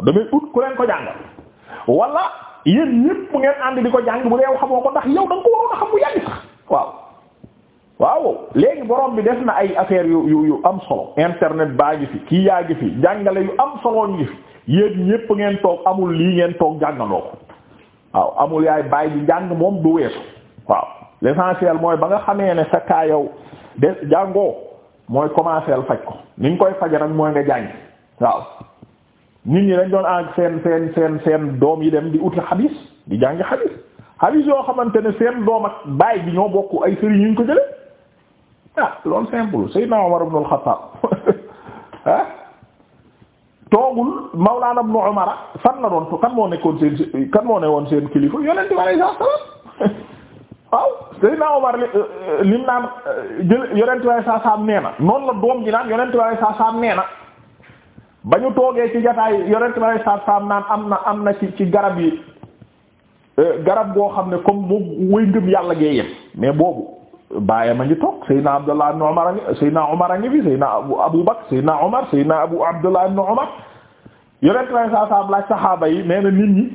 waaw damay ut ku leen ko jàngal wala yéen ñépp ànd di ko jàng bu dee xamoo ko ndax yow da nga ko waroon a xam bu yàgg sax waaw. waaw léegi borom bi def na ay affaire yu yu yu am solo internet baa ngi kii yaa ngi fi jàngale yu am solo ngi fi yéen ñépp ngeen toog amul lii ngeen toog jàngaloo ko waaw amul yaay bàyyi di jàng moom du weesu waaw l'essentiel mooy ba nga xamee ne sa kaa yow de jàngoo mooy commencer faj ko ni nga koy faja rek mooy nga jàng waaw nit ñi dañ doon ak seen seen seen seen doom yi dem di uti xadis di jàngi xadis xadis yoo xamante ne seen doom ak baay bi ñoo bokk ay sëriñ ñu ko jële ah loolu simple Seydina ah? Umar ibn al-Khattab fan la doon kan moo nekkoon seen kan moo ne woon seen kilifa yonent bi alayhi salaam waaw Seydina Umar lim naan jël yonent bi alayhi nee na noonu la doom ji naan yonent bi alayhi nee na ba ñu toogee ci jataay yonent bi alei satu naan am na am na ci ci garab yi euh, garab goo xam ne comme moom way ngëm yàlla gee mais boobu bàyye ma ngi toog Seydina Abdullah ibn Umar angi Seydina Umar a ngi fi Seydina Abu Bakr Seydina Umar Abu Abdullah ibn Umar yonent bi alei satu salaam laaj saxaaba yi nee na nit ñi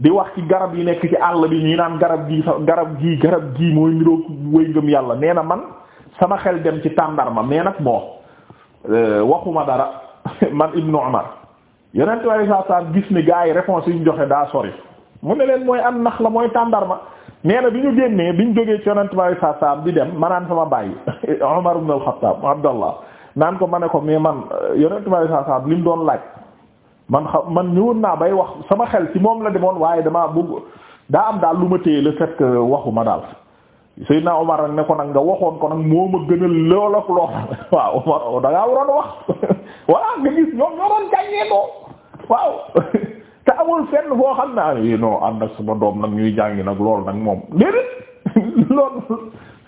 di wax ci garab yi nekk ci ñuy naan garab gi garab gii garab gii mooy niroog way ngëm yàlla nee na man sama xel dem ci tàndarma mais nag moo euh, waxuma dara man Ibnu Umar yeneen tubaab yi saa gis ni gars yi réponse yi ñu joxe daa sori mu ne leen mooy an nax la mooy tàndarma nee na bi ñu génnee bi ñu jógee ci yeneen tubaab yi saa di dem manaan naan sama bàyyi Umar ibn al-Khattab Abdallah naan ko ma ne ko mais man yeneen tubaab yi saa li mu doon laaj man xam man ñëwoon naa bay wax sama xel ci moom la demoon waaye damaa bëgg daa am daal lu ma téye le fait que waxu ma daal. Seydina Omar nag ne ko nag nga waxoon ko nag moo ma gënal lool ak lool waaw Omar oh, waroon wax voilà nga gis ñoom ñoo doon jàngee ko waaw te amul fenn foo xam ne ah non ànd ak sama doom nag ñuy jàngi nag lool nag moom déedéet loolu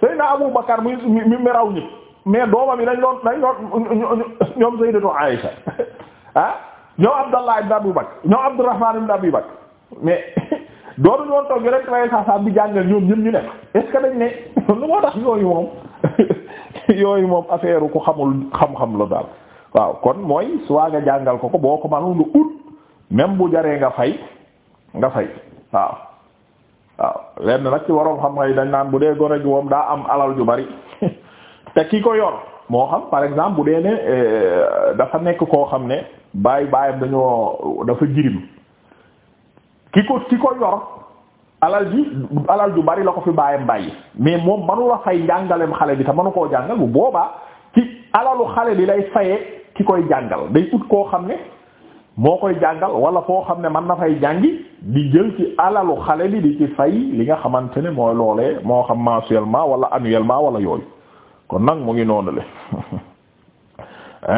Seydina Abu Bakar mi mi mi raw ñëpp mais doomam yi dañ doon dañ doon ñoom Sayyidatu ah ñoom Abdallah ibn Abi Bakr ñoom doonu doon toog rek traité saa saa bi jàngal ñoom ñun ñu nekk est dañ ne lu moo tax yooyu moom yooyu moom affaire ku xamul xam-xam la daal waaw kon mooy waa nga jàngal ko ko boo ko mënoon nga ut même bu jaree nga fay nga fay waaw. waaw lenn nag ci waroon xam ngay dañ naan bu dee gone gi moom daa am alal ju bari te ki ko yor moo xam par exemple bu dee ne eh, dafa nekk koo xam ne baay baayam dañoo dafa jirim ki ko ki ko yor alal bi alal ju bari la ko fi bàyyam bàyyi mais moom manula fay njàngaleem xale bi te manu koo jàngal bu boobaa ci alalu xale bi lay faye ki koy jàngal day ut koo xam ne moo koy jàngal wala foo xam ne man na fay jàngi di jël ci alalu xale bi di ci fay li nga xamante ne mooy loolee moo xam mensuellement wala annuellement wala yooyu kon nag mu ngi noonu le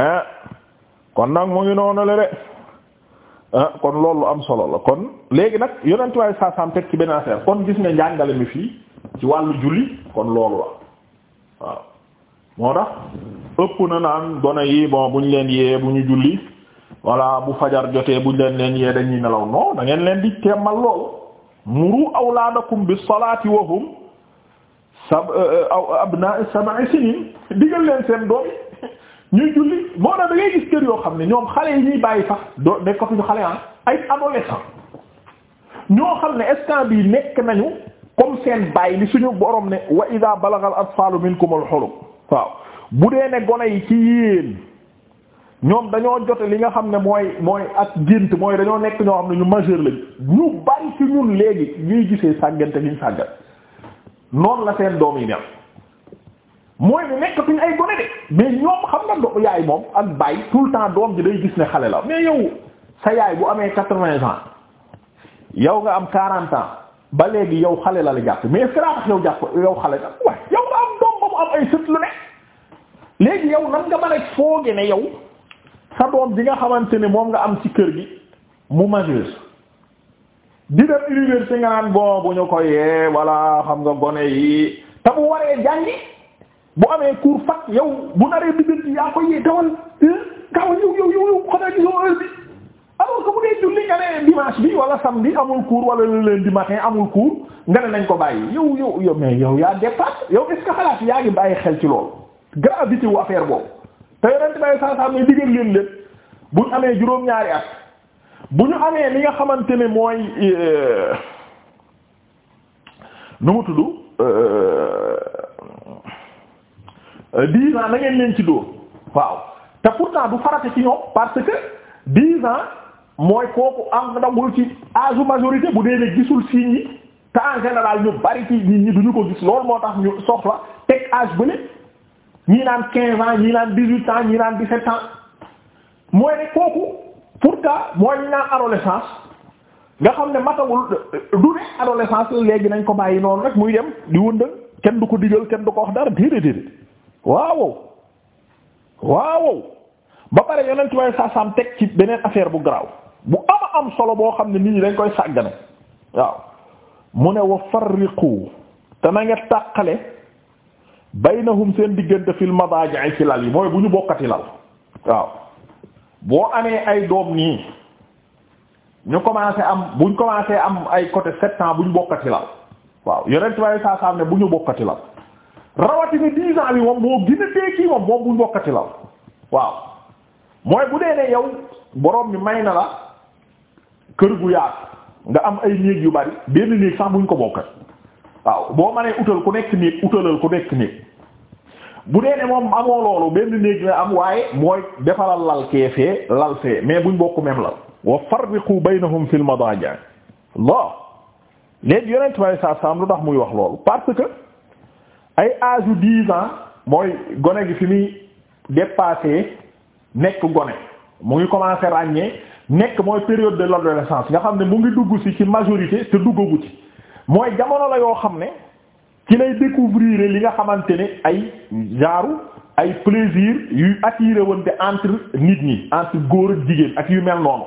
kon nag mu ngi noonu le de Ah, kon loolu am solo la kon léegi nag yonent waaye saa teg ci benn affaire kon gis nga njàngale mi fii ci wàllu julli kon loolu la waaw moo tax ëpp na naan gone yi bon bu ñu leen yee bu ñu julli walla bu fajar jotee bu ñu leen leen yee dañuy nelaw non da ngeen leen di teemal loolu muru awlaadakum bis salaati wa hum sab euh, euh, abnaa sab'i siniin digal leen seen doom ñuy julli moo tax gis kër yoo xam ne ñoom xale yi ñuy bàyyi sax doo nekkatuñu xale ah ay adolescents ñoo xam ne instant bii nekk nañu comme seen bàyyi li suñu borom ne wa ida balagal atfaalu minkum al hulum waaw bu dee ne gone yi ci yéen ñoom dañoo jot li nga xam ne mooy mooy ak gént mooy dañoo nekk ñoo xam ne ñu majeur lañ ñu bari ci léegi ñuy gisee sàggante gi ñu sàggat noonu la seen doom yi mel mooy ne nekkatuñ ay gone de mais ñoom xam nga do yaay moom ak baay tout le temps doom ji day gis ne xale la mais yow sa yaay bu amee quatre-vingts ans yow nga am quarante ans ba léegi yow xale la la jàpp mais est-ce que yow jàpp yow xale la waaye yow nga am doom ba mu am ay sët lu ne léegi yow nan nga mën a fooge ne yow sa doom ji nga xamante ne moom nga am ci kër gi mu majeur di dem université nga naan bon bu ñu ko yee walla xam nga gone yi te bu amee cours fac yow bu naree biddanti yaa ko yee dawal gaaw yow yow yow xanaa gisoo heure bi alors que bu dee julli nga ne dimanche bi wala samedi amul cours wala leen di matin amul cours nga ne nañ ko bàyyi yow yow yow mais yow yaa dépasse yow est ce xalaat yaa ngi bàyyi xel ci loolu gravité wu affaire boobu te yonent bàyyi saa saa muy digal leen lépp buñ amee juróom-ñaari at bu ñu amee li nga xamante ne mooy euh, nu mu tudd euh, Euh, dix ans na ngeen leen ci dóor waaw te pourtant du farata ci ñoom parce que dix ans mooy kooku am ndagul ci âge majorité bu dee ne gisul signes yi te en général ñu bari ci nit ñi duñu ko gis loolu moo tax ñu soxla teg âge bële ñii naan quinze ans ñii naan dix-huit ans ñii naan dix-sept ans mooy ne kooku pourtant mooy ñu naan adolescence nga xam ne matawul du ne adolescence léegi nañ ko bàyyi noonu rek muy dem di wëndal kenn du ko digal kenn du ko dara déedéet waawo waaw ba pare yonent way saasaam teg ci beneen affaire bu garaaw bu ama am solo boo xam ne nit ñi dañ koy sàggane waaw mu ne wa farriqu te na nga tàqale baynahum seen diggante fil madaaji ci lal yi mooy bu ñu bokkati lal waaw boo amee ay doom nii ñu commencé am buñ commencé am ay côté sept ans bu ñu bokkati lal waaw yonent way saasaam ne bu ñu bokkati lal rawatina dix ans bi moom moo gën a tee kii moom moom bu bokkati la waaw mooy bu dee ne yow borom mi may na la kër gu yaatu nga am ay néeg yu bari benn néeg sax buñ ko bokkat waaw boo mënee utal ku nekk néeg utalal ku nekk néeg bu dee ne moom amoo loolu benn néeg la am waaye mooy defaral lal kee fee lal fee mais buñ bokk même la wa farriqu baynahum fil madaji' Allah léegi yonent bi sallallahu saa wasallam lu tax muy wax loolu parce que ay âge yu dix ans mooy gone gi fi muy dépassé nekk gone mu ngi commencé ràññee nekk mooy période de l'adolescence nga xam ne mu ngi dugg ci ci majorité te duggagu ci mooy jamono la yoo xam ne ci lay découvrir li nga xamante ne ay genre ay plaisir yuy attiré woon de entre nit ñi entre góor ak jigéen ak yu mel noonu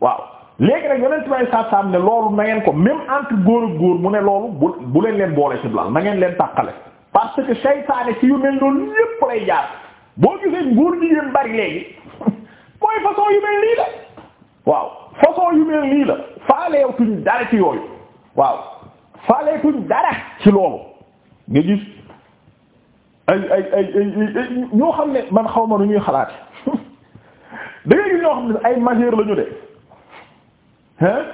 waaw léegi nag yonent may saab ne loolu na ko même entre góor ak góor mu ne loolu bu bu leen leen boole ci blal na ngeen leen tàqale parce que seytaane ci yu mel noonu lépp lay jaar boo gisee góor jigéen bari léegi mooy façon yu mel nii la waaw façon yu mel nii la dara ci yooyu waaw faaleetuñ dara ci loolu nga gis ay ay ay ay ñoo xam ne man xaw ma nu ñuy xalaat da ngay gis ñoo xam ne ay majeur la de hein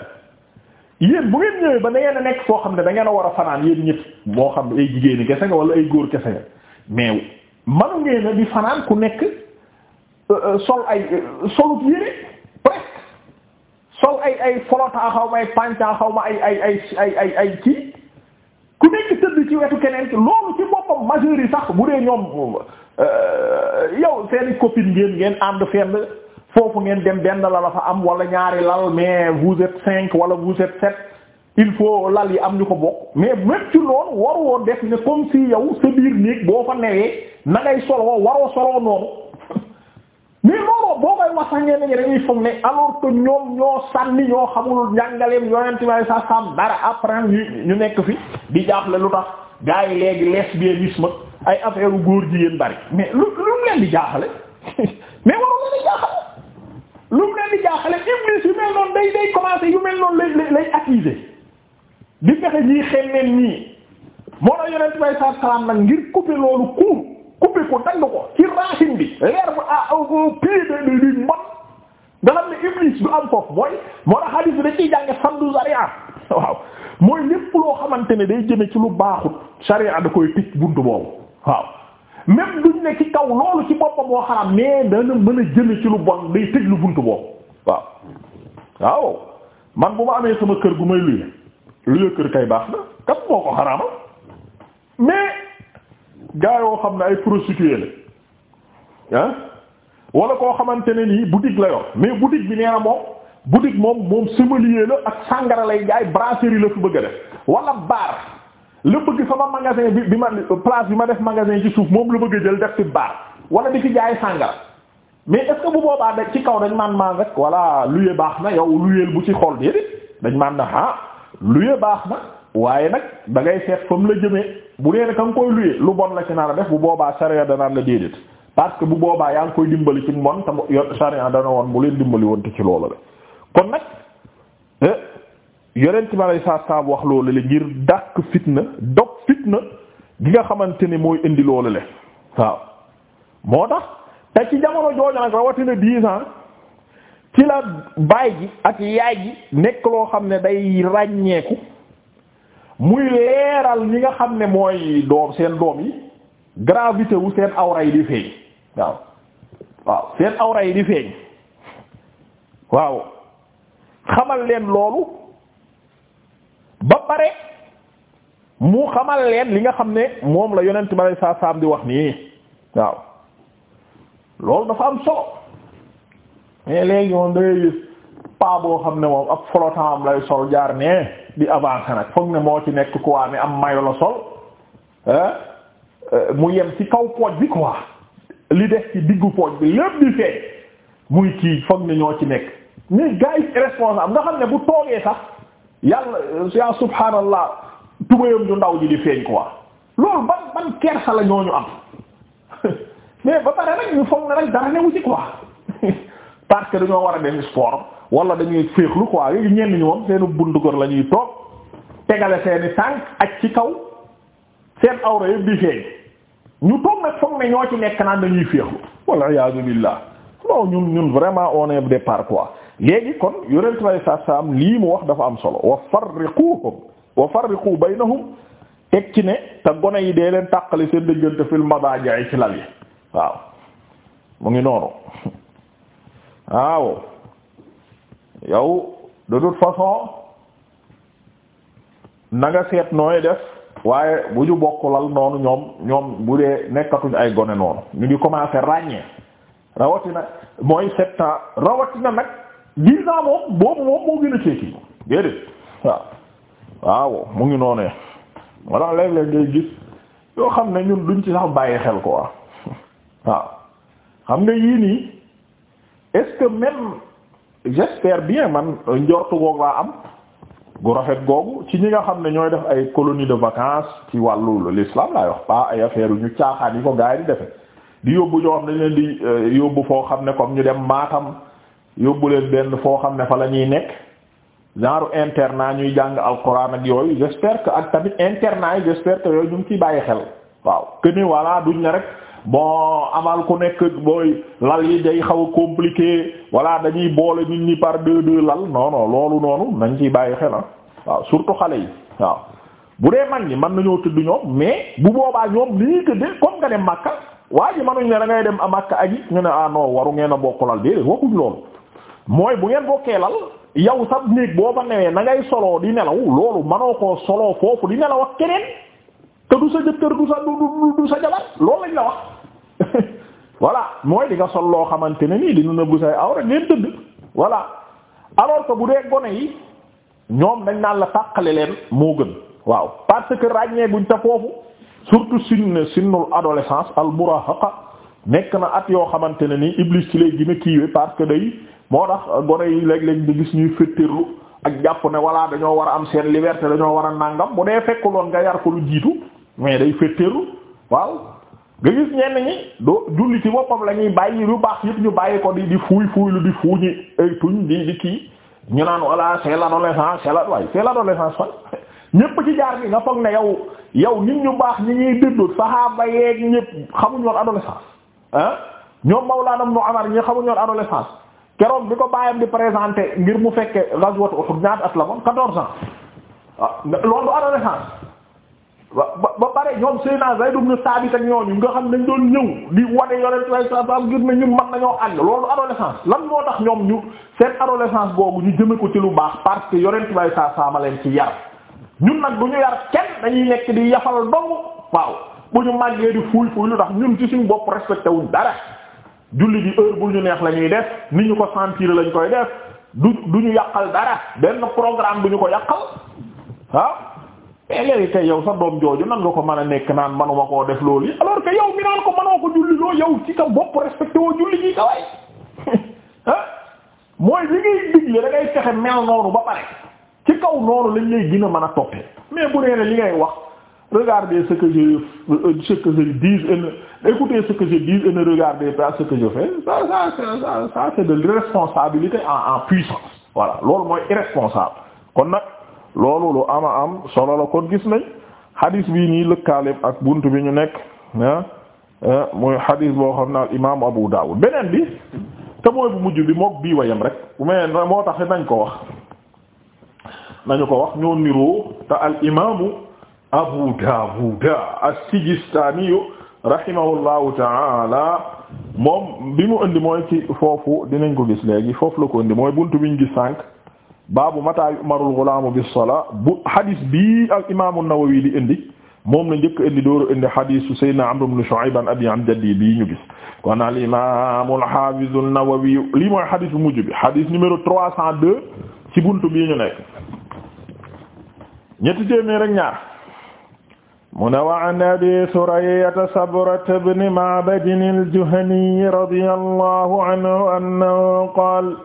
yéen bu ngeen ñëwee ba ngeen a nekk foo xam ne da ngeen a war a fanaan yéen ñëpp moo xam ay jigéeni kese nga wala ay góor kese nga mais manu ngeen a di fanaan ku nekk euh, euh, sol ay euh, solut yére presque sol ay ay folota xaw ma ay panca xaw ma ay ay ay ay ay ku nekk tëdd ci wetu keneen loolu ci boppam majeur yi sax bu dee ñoom yow seeni copine ngeen ngeen ànd fenn foofu ngeen dem benn la la fa am wala ñaari lal mais vous êtes cinq wala vous êtes sept il faut lal yi am ñu ko bokk mais même ci loolu waru woon def ne comme si yow sa biir néeg boo fa newee na ngay soloo waroo soloo noonu mais loolu boo koy wax sax ñenn ñi dañuy foog ne alors que ñoom ñoo sànni ñoo xamul njàngaleem yonent bi sa sam dara apprendre ñu nekk fi di jaaxle lu tax gars yi léegi lesbianisme ay affaire góor jigéen bari mais lu lu leen di jaaxale di jaaxale lu mu leen di jaaxale iblis yu mel noonu day day commencer yu mel noonu lay lay di fexe ñii xel neen nii moo la yonent bay saa salaam nag ngir couper loolu kuur couper ko dagg ko ci racine bi leer bu ah au pied de di mot nga du am foofu mooy moo la hadith bi da ciy jànge sandu waaw mooy lépp loo xamante ne day jëme ci lu baaxut sariya da koy tëj buntu boobu waaw même duñ ne ci kaw loolu ci boppam moo xaram mais dana mën a jën ci lu bon day tëj lu buntu boobu waaw waaw man bu ma amee sama kër gu may luye luye kër kay baax na kat moo ko xaraama mais gaa yoo xam ne ay prostitué la ah koo xamante ne nii bu boutique la yor mais boutique bi nee na moom boutique moom moom sommelier la ak sàngara lay jaay brasserie la fi bëgg a def wala bar la bëgg sama magasin bi bi ma place bi ma def magasin ci suuf moom lu bëgg jël def fi baax wala di fi jaay sàngara mais est ce que bu boobaa da ci kaw dañ maan maan rek voilà luye baax na yow luyeel bu ci xol déedéet dañ maan na ah luye baax na waaye nag da ngay seet fa la jëmee bu dee ne ka nga koy luye lu bon la ci naan a def bu boobaa sariya danaan la déedéet parce que bu boobaa yaa ngi koy dimbali ci mon te sariya dana woon bu leen dimbali woon te ci loolu la yonent bi alayhi salaatu salaam wax loolu le ngir dàq fitna dog fitna gi nga xamante ne mooy indi loolu le waaw moo tax te ci jamono jooju nag rawatina dix ans ci la baay ak yaay ji nekk loo xam ne day ràññeeku muy leeral ñi nga xam ne mooy doom seen doom yi gravité wu seen awra yi di feeñ waaw waaw seen awra yi di feeñ waaw xamal leen loolu ba pare mu xamal leen li nga xam ne moom la yonent ma lay saa saam di wax nii waaw loolu dafa am solo mais léegi moom da paa boo xam ne moom ab flottant am lay sol jaar ne di avancer nag foog ne moo ci nekk quoi ne am mayo la sol euh, mu yem ci kaw pooj bi quoi li des ci diggu pooj bi lépp di feeñ muy kii foog ne ñoo ci nekk mais gars yi responsable nga xam ne bu toogee sax. yàlla yaa subhaanallah tubayam ju ndaw ji di feeñ quoi loolu ba ban kersa la ñu am mais ba pare nag ñu foog na rek dara newu ci quoi parce que dañoo war a dem sport wala dañuy féexlu quoi yooyu ñenn ñi moom seenu bundu kër la ñuy toog tegale seeni tànk ak ci kaw seen awra yëpp di feeñ ñu toog nag foog ne ñoo ci nekk naan dañuy féexlu wala iyaazu billah non ñun ñun vraiment on est départ quoi léegi kon yu bi alayhi lii mu wax dafa am solo wa farriquhum wa farriqu baynahum teg ci ne te gone yi de leen tàqale seen dëggante fil madaaji' ci lal yi waaw mu ngi noonu waaw yow de toute façon nanga nga seet nooy def waaye bu ñu bokk lal noonu ñoom ñoom bu dee nekkatuñ ay gone noonu ñu ngi commencer ràññee rawatina mooy sept ans rawatina nag dix ans moom boobu moom moo gën a ceeki déedéet waaw waaw mu ngi noonee moo tax léeg-léeg ngay gis yoo xam ne ñun duñ ci sax bàyyi xel quoi waaw xam nga yii nii est-ce que bien man njortu googu laa am gu rafet googu ci ñi nga xam ne ñooy def ay colonie de vacances ci wàllu l'islam laay wax pas ay affaire yu ñu caaxaan yi ko gars yi di defe di yóbbu ñoo xam ne dañ euh, ñu dem Matam yóbbu leen benn foo xam ne fa la ñuy nekk genre internat ñuy jàng alquran ak yooyu j'espère que ak tamit internat yi j'espère que yooyu ñu ngi ciy bàyyi xel waaw que ni voilà duñ ne rek boo amal ku nekk booy lal yi day xaw a compliqué voilà dañuy boole ñu ñi par deux deux lal non loolu noonu nañ ciy bàyyi xel ah waaw surtout xale yi waaw. bu dee mag ñi mën nañoo tëdd ñoom mais bu boobaa ñoom li ñuy tëddee comme nga dem Makka waa ji mënuñ ne da ngay dem a Makka aji ñu ne ah waru ngeen bokk lal déedéet waxuñ mooy bu ngeen bokkee lal yow sab néeg boo fa newee na ngay soloo di nelaw loolu manoo koo soloo foofu di nelaw ak keneen te du sa kër du sa du du sa jabar loolu lañ la wax voilà mooy di nga sol loo xamante ne nii dina nëbbu say awra ngeen tëdd alors bu dee gone yi ñoom dañ naan la tàqale leen moo gën waaw parce que ràññee buñ ta foofu surtout sinn sinnul adolescence al murahaqa nekk na at yoo xamante ne nii iblis ci lay gën a kiiwe parce que day moo tax gone yi léeg-léeg gis ñuy féttéerlu ak jàpp ne voilà dañoo war a am seen liberté dañoo war a nàngam bu dee fekkuloon nga yar ko lu jiitu mais day féttéerlu waaw nga gis ñenn ñi doo julli ci boppam la ñuy bàyyi lu baax yëpp ñu bàyyi ko di di fuuy fuuy lu di fuuñi ay tuñ di di kii ñu naan voilà c'est l'adolescence c'est la waaye c'est l'adolescence fan ñépp ci jaar gi nga foog ne yow yow ñu baax ñi ñuy dëddoot saxaaba yeeg ñépp xamuñu woon adolescence ah ñoom Mawlaana Ibn Umar ñi xamu ñoon adolescence keroog bi ko bàyyam di présenté ngir mu fekke ghazwat Uhud ñaata at la moom quatorze ans ah loolu du adolescence ba ba pare ñoom Seydina Zayd ibn Thabit ak ñooñu nga xam dañ doon ñëw di wane yore waaye saa saa ngir ne ñun mën nañoo ànd loolu adolescence lan moo tax ñoom ñu seen adolescence boobu ñu jëme ko ci lu baax parce que yore waaye saa saa ma leen ci yar ñun nag du ñu yar kenn dañuy nekk di yafal dong waaw. bu ñu màggee di fuuy fuuy lu tax ñun ci suñu bopp respecté wuñ dara julli bi heure bu ñu neex la ñuy def ni ñu ko sentir lañ koy def du du ñu yàqal dara benn programme du ñu ko yàqal waaw ah? mais eh, léegi tey yow sa doom jooju nan nga ko mën a nekk naan manuma koo def loolu yi alors que mi naan ko manoo ko julli loo yow ci sa bopp respecté woo julli gi kaway ah mooy li ngay digle da ngay mel noonu ba pare ci kaw noonu lañ lay gën a mën a toppee mais bu li ngay wax. regardez ce que je euh, ce que je dis et ne écoutez ce que je dis et ne regardez pas ce que je fais ça ça ça ça, ça c'est de l'irresponsabilité en en puissance voilà loolu mooy irresponsable kon nag loolu lu ama am solo la kon gis nañ hadis bii nii lëkkaaleem ak bunt bi ñu nekk ah, ah mooy hadis boo xam ne al imaamu Abu Dawud beneen bi te mooy bu mujj bi mook bii wayam rek bu may moo tax nañ ko wax nañu ko wax ñoo niroo te al imaamu. Abu Dawud as-Sijistani rahimahullahu ta'ala moom bi mu indi mooy ci foofu dinañ ko gis léegi foofu la ko indi mooy buntu biñ gis sànq baabu mata yu'marul ghulaamu bis sola bu hadis bii al imaamu an-Nawawi di indi moom la njëkk indi dooru indi hadisu Sayyidina Amr ibn Shu'ayb an abi an jaddi bii ñu gis kon al imaamu al-Haafiz an-Nawawi lii mooy hadis bu mujj bi hadis numéro 302 ci buntu bi ñu nekk ñetti téeméer ak ñaar. mu ne wa an abi surayyata sabrata bni ma'badin al-juhani radiyallahu anhu annahu qaala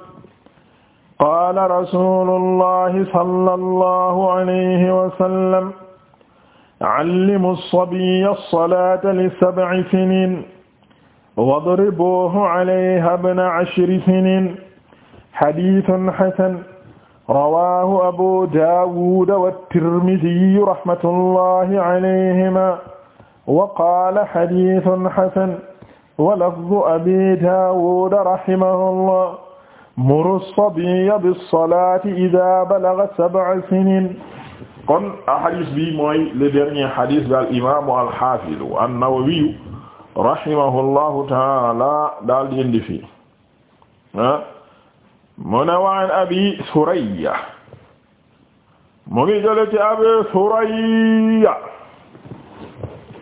qaala rasuulullahi sallallahu alayhi wa sallam allimu as-sabiyya as-salaata li sab'i siniin wadribuuhu alayhaa ibna ashri siniin hadiisun hasan rawaahu abu daawud wa tirmiziyu rahmatullahi alayhima wa qaala xadiisun xasan wa lafdu abi daawud rahimahullah muru sabiyya bis-salaati idaa balaga sab'a siniin kon xadis bi mooy le dernier xadis daal imaamu al-xaafidu an-nawawiyu rahimahullahu taala daal di indi fi ah. mu ne wa an abi mu ngi jële ci abi Surayya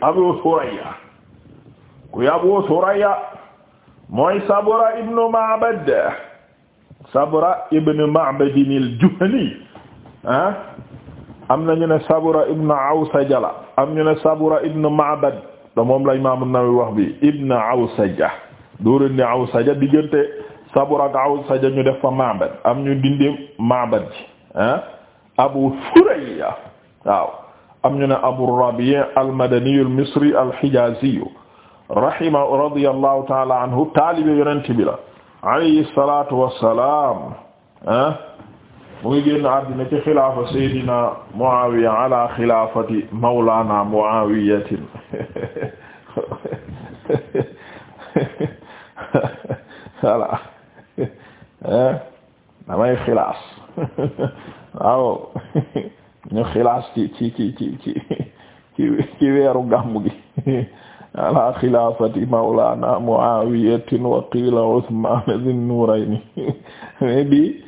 abu Surayya kuy abu Surayya mooy Sabra ibn Ma'bad Sabra ibn Ma'bad al ah, am na ñu ne Sabra ibn Awsaja la am ñu ne Sabra ibn Ma'bad moom la Imaam an wax bi ibn Awsaja duuru ni Awsaja diggante Sabura ak Aws saja ñu def fa ma'bad am ñu dindi ma'bad ji ah Abu Thuraya waaw am ñu ne Abu Rabi' al-Madani al-Misri al-Hijazi rahima radiyallahu ta'ala anhu taalibe yonent bi la alayhi salaatu wassalaam ah mu ngi génn àddina ci xilaafa Seydina Muawiya ala xilaafati Mawlana Muawiyatin voilà damay xilaas waaw ñu xilaas ci ci ci ci ci ci weeru gàmmu gi ala xilaafati mawlana muawiyatin wa qila usman zin nurayni mais bi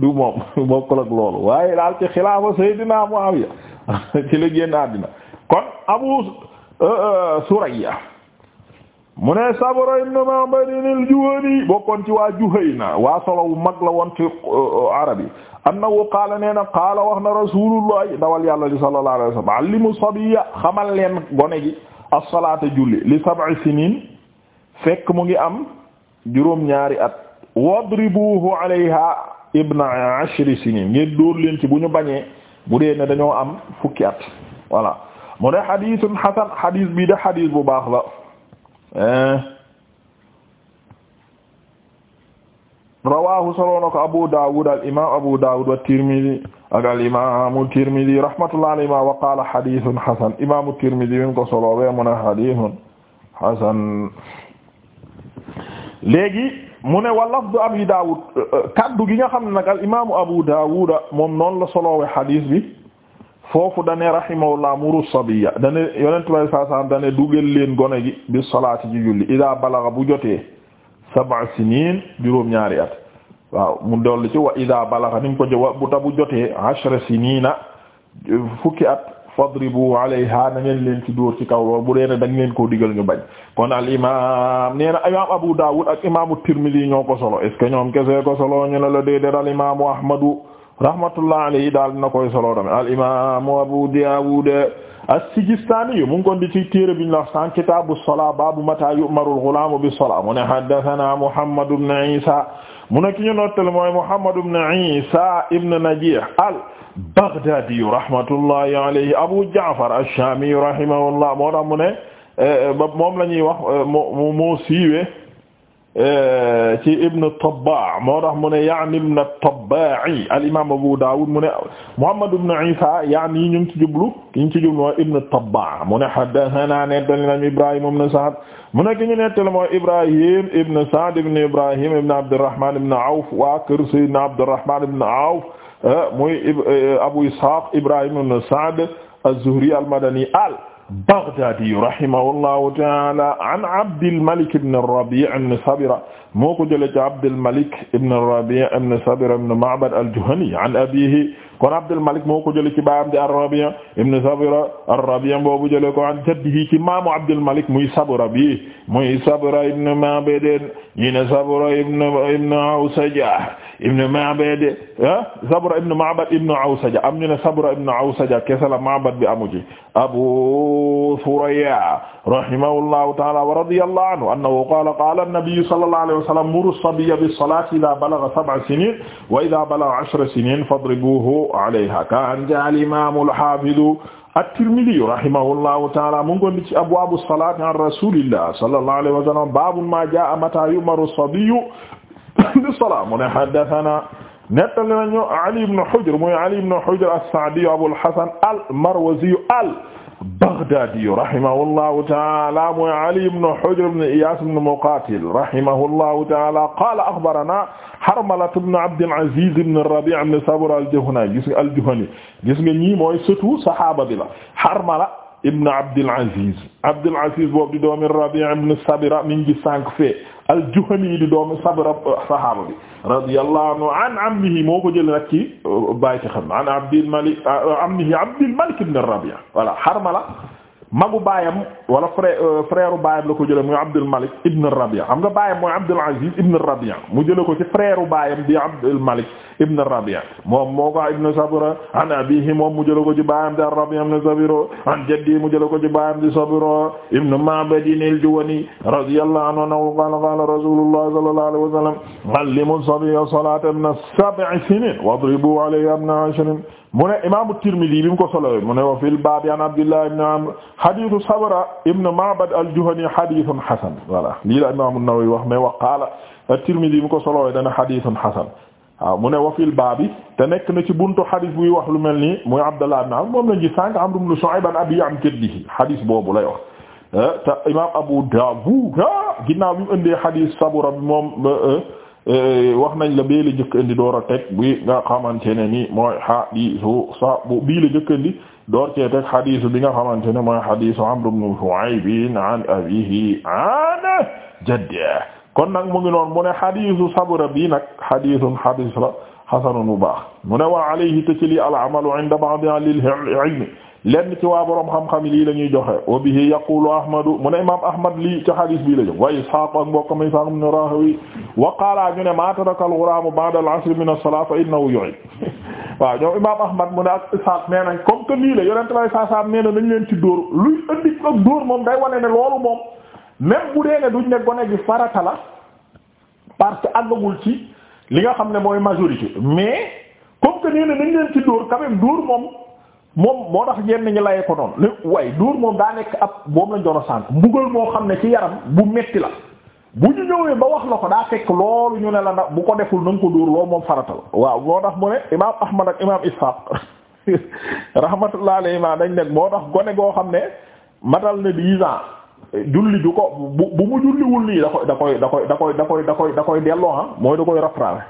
du moom bokkul ak loolu waaye daal ci xilaafa saydina muawiya ci la génn àddina kon abu eh, eh, surayya mu ne Sabra ibn Ma'bad al-Juhani bokkoon ci waa Juhayna waa solo wu mag la woon ci uh, arab yi annahu qaala nee na qaala wax na Rasulullah dawal yàlla li sallallahu alayhi wa sallam allimu sabiyya xamal leen gone gi as-salaata julli li sab'i siniin fekk mu ngi am juróom-ñaari at wadribuhu alayha ibna ashri siniin ngeen dóor leen ci bu ñu bañee bu dee ne dañoo am fukki at voilà mu ne xadiisun xasan xadiis bii de xadiis bu baax la. Eh? rawahu soloona ko Abu Dawud al imam Abu Dawud wa Tirmidhi ak al imamu Tirmidhi rahmatullahi alayhi ma wa qala hasan imamu Tirmidhi min ko soloowe mu ne hadithun hasan léegi mu ne wa lafdu Abi eh, eh, kaddu gi nga xam ne nag al imamu Abu Dawud moom noonu la soloowe hadith bi foofu dane rahimahullah muru sabiya dane yonent bay saa saam dane dugal leen gone gi bi salaati ci julli ida balaga bu jotee sab'a sinin juróom-ñaari at waaw mu dolli ci wa ida balaga ni nga ko jo bu ta bu jotee ashra sinina fukki at fadribu alayha na ngeen leen ci dóor ci kaw lool bu deene dañ leen koo digal ñu bañ kon al imam nee na Abu Dawud ak imamu Tirmidhi ñoo ko solo est ñoom kese ko solo ñu ne la déedéet al imamu Ahmadu rahmatullah alayhi daal na koy solo tamit al imam Abu Dawud as-Sijistani yu mu ngi kon di ci téere bi ñu la san kitaabu salaa baabu mata yu'maru al-ghulaamu bi salaa mu ne haddathana Muhammad ibn Isa mu ne ki mooy Muhammad ibn Isa ibn Najih al-Baghdadi rahmatullahi alayhi Abu Ja'far ash-Shami rahimahullah moo tax mu ne eh, eh, moom la ñuy wax eh, moo siiwe Euh, ci Ibn Tabbaa moo tax mu ne yaani Ibn Tabbaa'i al-imaam Abu Daawud mu ne Muhammad ibn Iisaa yaani ñu ngi ci jublu ñu ngi ci jublu mooy Ibn Tabbaa mu ne haddathanaa nettali nañu Ibraahiim ibn Sa'd mu ne ki ñu nettali mooy Ibraahiim ibn Sa'd ibn Ibraahiim ibn Abdurrahmaan ibn Awf waa kër Sayyidinaa Abdurrahmaan ibn Awf eh, muy eh, Abu Ishaaq Ibraahiim ibn Sa'd az-Zuhri al-Madani al Baghdaadi rahimahullahu ta'ala an Abdil Malik ibn Rabi' ibn Sabira moo ko jëlee ci Abdil Malik ibn Rabi' ibn Sabira ibn Ma'bad al-Juhani an abiihi kon Abdul Malik moo ko jëlee ci baayam di ar-Rabi' ibn Sabra ar-Rabi' boobu jëlee ko an jaddihi ci maamu Abdul Malik muy Sabra bi muy Sabra ibn Ma'bad ñi ne Sabra ibn ibn Awsaja ibn Ma'bad ah Sabra ibn Ma'bad ibn Awsaja am ñu ne Sabra ibn Awsaja kese la Ma'bad bi amu ci Abu Thuraya rahimahullahu ta'ala wa radiyallahu anhu annahu qala qala an-nabiy sallallahu alayhi wa sallam muru as-sabiyya bis-salati idha balagha sab'a sinin wa idha balagha 'ashra sinin fadribuhu alayha kan jaal imam al-hafiz at-Tirmidhi rahimahullahu ta'ala mu ngi kondi ci abwaabu salaat an rasulillah sallallahu alayhi wa sallam babu ma jaa mata yumaru as-sabiyyu bis-salaat mu ne haddathana nettali nañu Ali ibn Hujr mooy Ali ibn Hujr as-Sa'di Abul Hasan al-Marwazi al Baghdaadi rahimahullahu ta'ala mooy Ali ibn Hujr ibn Iyas ibn Muqatil rahimahullahu ta'ala qaala akhbarana Harmala ibn Abd al-Aziz ibn Rabi' ibn Sabra al-Juhani gis nga al-Juhani gis nga ñii mooy surtout saxaaba bi la Harmala ibn Abdul Aziz Abdul Aziz boobu di doomi Rabi' ibn Sabira mi ngi sànq fee al-Juhani di doomi Sabira euh, saxaaba bi radiyallahu anhu an ammihi moo ko jël nag ci euh, bàyyi ci xam an Abdul Malik euh, ammihi Abdul Malik ibn Rabi' voilà Harmala magu baayam wala frère euh, frère baayam la ko jëlee muy Abdul Malik ibn Rabi'a xam nga baayam mooy Abdul Aziz ibn Rabi'a mu jëlee ko ci frère baayam di Abdul Malik ibn Rabi'a moom moo ko ibn Sabra an abihi moom mu jëlee ko ci baayam di Rabi'a ibn Sabiro an jaddi mu jëlee ko ci baayam di Sabiro ibn Ma'bad al-Juwani radiyallahu anhu annahu qala qala rasulullah sallallahu alayhi wa sallam allimu sabiyya salata min sab'i sinin wadribu alayha min ashrin mu ne imaamu Tirmidi bi mu ko solo mu ne wa fil baab an Abdullah ibn Amr hadithu Sabra ibn Ma'bad al-Juhani hadithun hasan voilà lii la imaamu Nawawi wax mais wa qaala Tirmidi bi mu ko solo dana hadithun hasan mu ne wa fil baab te nekk na ci buntu hadith buy wax lu mel nii muy Abdullah ibn Amr moom lañ ci sànq Amr ibn Shu'ayb an abiihi an jaddihi hadith boobu lay wax. Eh, te imaam Abu Daawud ah, ginnaaw bi mu ëndee hadith Sabra bi moom. Eh, eh, Eh, wax nañ la bee la jëkk indi door a teg bi nga xamante ne ni mooy xadiisu sa bu bii la jëkk indi door cee teg xadiisu bi nga xamante ne mooy xadiisu Amr ibn Shu'ayb an abiihi an jaddihi kon nag mu ngi noon mu ne xadiisu sabra bi nag xadiisun xadiis la xasanun bu baax mu ne wa alayhi te ci lii al amalu inda ba'd lil ilmi lenn ci waa boroom xam-xam lii la ñuy joxe wa bihi yaqulu ahmadu mu ne imam ahmad lii ci hadis bii la jëm wa ishaq ak mbokk may saq mne rahawi wa qaala ñu ne ma taraka al-ghulaamu ba'da al-'asri min as-salaat fa innahu yu'id waaw ñoom imam ahmad mu ne ak ishaq nee nañ comme que lii la yonente bay saasaam nee nañ leen ci dóor luy indi ak dóor moom day wane ne loolu moom même bu dee ne duñ ne gone gi farata la parce que àggagul ci li nga xam ne mooy majorité mais comme que nee na moom moom moo tax ñenn ñi laye ko noonu waaye duur moom daa nekk ab boobu lañ doon a sànk moo xam ne ci yaram bu metti la bu ñu ñëwee ba wax la ko daa fekk loolu ñu ne la na bu ko deful na ko dóor loolu moom farata waaw moo tax mu ne imaam ahmad ak imaam ishaq rahmatullah alayhima dañ nekk moo tax gone goo xam ne matal na dix ans julli ju ko bu bu mu julliwul nii da koy da koy da koy da koy da koy da koy delloo ah mooy da koy rattraper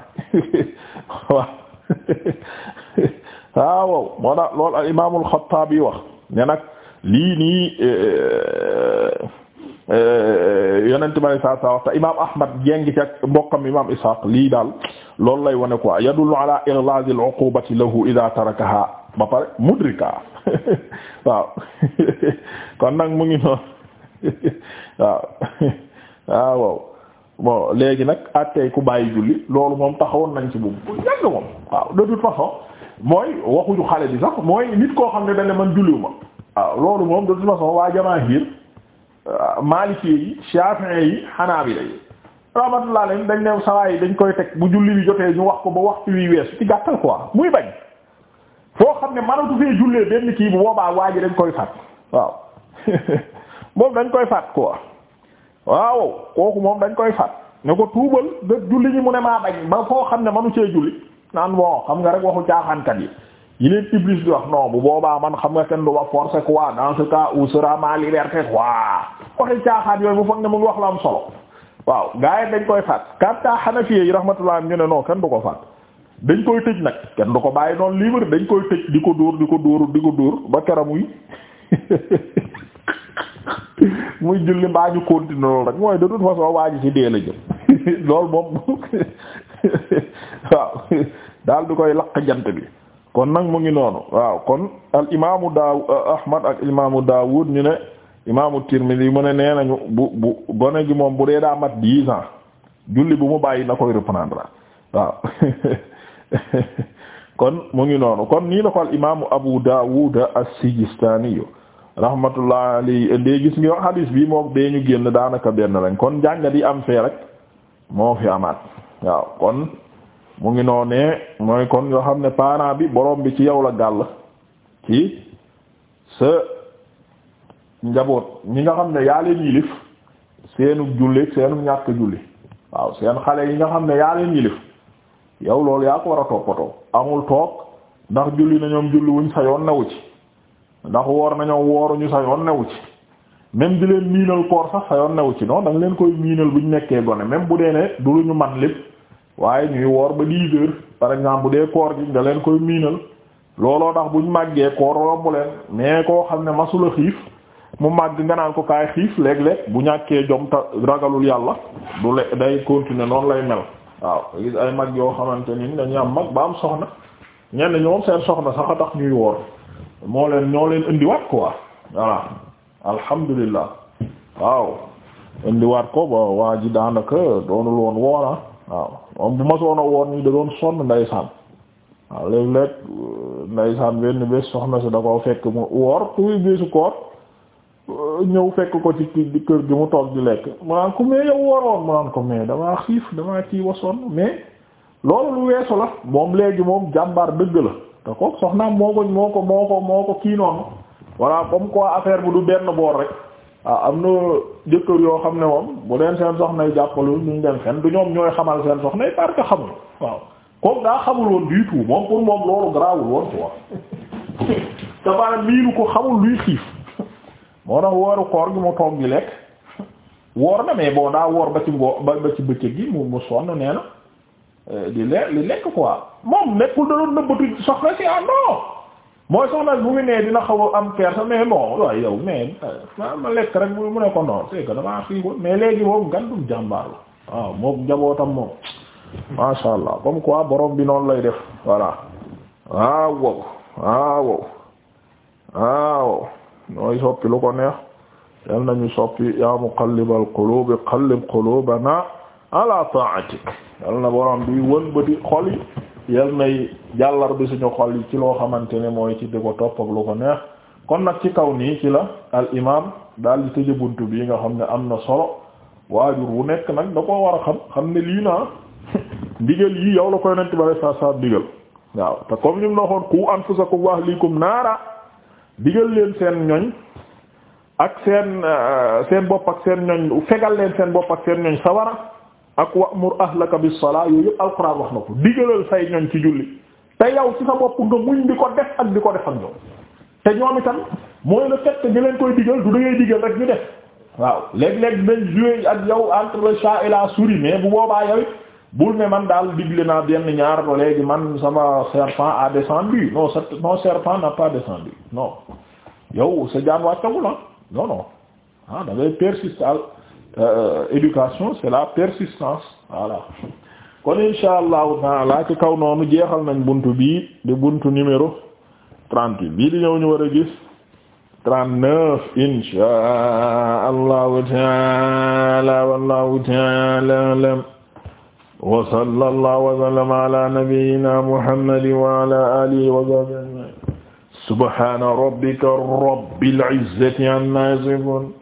waaw waaw moo tax loolu al imaam al wax ne nag lii nii eh, eh, eh, yonent bi saa saa wax te imaam Ahmad jéng ca mbokkam imaam Ishaq lii daal loolu lay wane quoi yadullu ala ighlaaz al-uqubati lahu idha tarakaha nag mu ngi noonu léegi nag àttee ku bàyyi julli loolu moom taxawoon nañ ci bu yàgg moom waaw de toute façon. mooy waxuñu xale bi sax mooy nit koo xam ne dañ man julliwuma waaw ah, loolu moom de toute façon waa jamaahir ah, Maliki yi Shafi'i yi Hanabila yi rahmatullah leen dañ ne sawaay yi dañ koy teg bu julli yi jotee ñu wax ko ba waxtu wi weesu ci gàttal quoi muy bañ foo xam ne manatu fee jullee benn kii bi boobaa waa ji dañ koy fàtt waaw moom dañ koy fàtt quoi waaw kooku moom dañ koy fàtt ne ko tuubal nga julli ñi mu ne maa bañ ba foo xam ne manu cee julli naan bon xam nga rek waxu caaxaankat yi yi leen Iblis di wax non bu boobaa man xam nga kenn du wax force quoi dans ce cas où sera ma liberté quoi waxi caaxaan yooyu bu foog ne mu wax la am solo waaw gaa yi dañ koy faat kanta Hanafiya yi rahmatullah ñu ne non kenn du ko faat dañ koy tëj nag kenn du ko bàyyi noonu libre dañ koy tëj di ko dóor di ko dóor di ko dóor ba keramuy muy julli mbaa ñu continuer loolu rek mooy de toute façon waa ji waaw daal du koy laq jant bi kon nag mu ngi noonu waaw kon al imaamu daaw uh, ahmad ak imaamu daawud ñu ne imaamu tirmidi mu ne nee bu bu gone gi moom bu dee daa mat dix ans julli bu mu bàyyi na koy reprendre waaw kon mu ngi noonu kon nii la ko al imaamu abu daawud as-sijistani yu rahmatullah alayhi ndee gis ngi wax hadis bi moom bee ñu génn daanaka benn lañ kon jàngat yi am fee rek moo fi amaat waaw kon mu ngi ne mooy kon yoo xam ne parent bi borom bi ci yow la gàll ci sa njaboot ñi nga xam ne yaa leen yilif seenu julli seenu ñàkk julli waaw seen xale yi nga xam ne yaa leen yilif yow loolu yaa ko war a toppatoo amul toog ndax julli na ñoom julli wuñ sa yoon newu ci ndax woor na ñoom ñu sa yoon newu ci même di leen miinal koor sax sa yoon newu ci non da nga leen koy miinal buñ nekkee gone même bu dee ne du lu ñu man lépp waaye ñuy woor ba dix par exemple bu dee koor gi nga leen koy miinal looloo tax ñu màggee koor romb leen mais koo xam ne masula xiif mu màgg nga naan ko kaay xiif léeg-léeg bu ñàkkee jom ta ragalul yàlla du le day continuer noonu lay mel waaw gis ay mag yoo xamante ni dañuy am mag ba am soxna ñenn ñoom seen soxna sax a tax ñuy woor moo leen ñoo leen indiwaat quoi voilà alhamdulillah waaw indiwaat ko ba waa ji daanaka doonul woon woora ah waaw moom bu ma soon a woon nii da doon sonn ndeysaan waaw léegi léeg euh, ndeysaan benn bés soxna si da ko fekk mu woor kuy bésu koor euh, ñëw fekk ko ci kër gi mu toog di lekk mu naan ko mais yow woroon mu naan ko mais damaa xiif damaa kii wa sonn mais loolu lu weesu la moom léegi moom jàmbaar dëgg la te ko soxnaam moo ko moo ko moo ko moo ko kii noonu voilà comme quoi affaire bi du benn boor rek waaw ah, am na jëkkër yoo xam ne moom bu leen seen yu jàppalu ñu leen fen du ñoom ñooy xamal seen soxnay parce xamul waaw kooku daa xamul woon du tout moom pour moom loolu garaawul woon quoi dafa miinu ko xamul luy xiif moo tax wooru koor gi mu toog gi lekk woor na mais bon daa woor ba ci ngoo ba ba ci bëccëg gi mu sonn nee na eh, di le- li lekk quoi moom nekkul da nëbbatu soxna si ah non mooy soxna bu ngi nee dina xaw a am kersa mais bon waaye yow mais ma euh, ma lekk rek mu ne ko non c'est que damaa xiiboon mais léegi moom ngandum jàmbaar la waaw moom njabootam moom masha allah comme quoi borom bi noonu lay def voilà waaw wow nooy soppi lu ko neex yal nañu soppi yaa muqallibal qulubi qallib qulubana ala ta'atik yal na borom bi wëlbati xol yal nay jàllar bi suñu xol yi ci loo xamante ne mooy ci di ko topp ak lu ko neex kon nag ci kaw nii ci la al imaam daal di tëje bunt bii nga xam ne am na solo waajur wu nekk nag da koo war a xam xam ne lii naa ndigal yii yow la koy nent bare saa saa digal waaw te comme ni mu la waxoon qu wax lii ahlikum naara digal leen seen ñoñ ak seen euh, seen bopp ak seen ñoñ fegal leen seen bopp ak seen ñoñ sawara ak wa'mur ahlaka bis yooyu yëpp alxuraan wax na ko digalal say ñoñ ci julli te yow ci sa bopp nga muñ di ko def ak di ko def ak ñoom te ñoom itam mooy le fait que ñu leen koy digal du da ngay digal rek ñu def waaw léeg-léeg dinañ jouer ak yow entre chat et la souris mais bu boobaa yow bul ne man daal digle naa benn ñaar ba léegi man sama serpent a descendu non non serpent n'a pas descendu non yow sa jaan wàccagul ah non non ah da ngay Euh, éducation c'est la persistance voilà kon insha allahu taala ci kaw noonu jeexal nañ buntu bii di buntu numéro trente-huit bii di ñëw ñu war a gis trente-neuf insha allahu taala wallahu taala alam wa sallallahu wa sallama ala nabiyyina muhammadin wa ala alihi wa sahbihi subhana rabbika rabbil izzati amma yasifun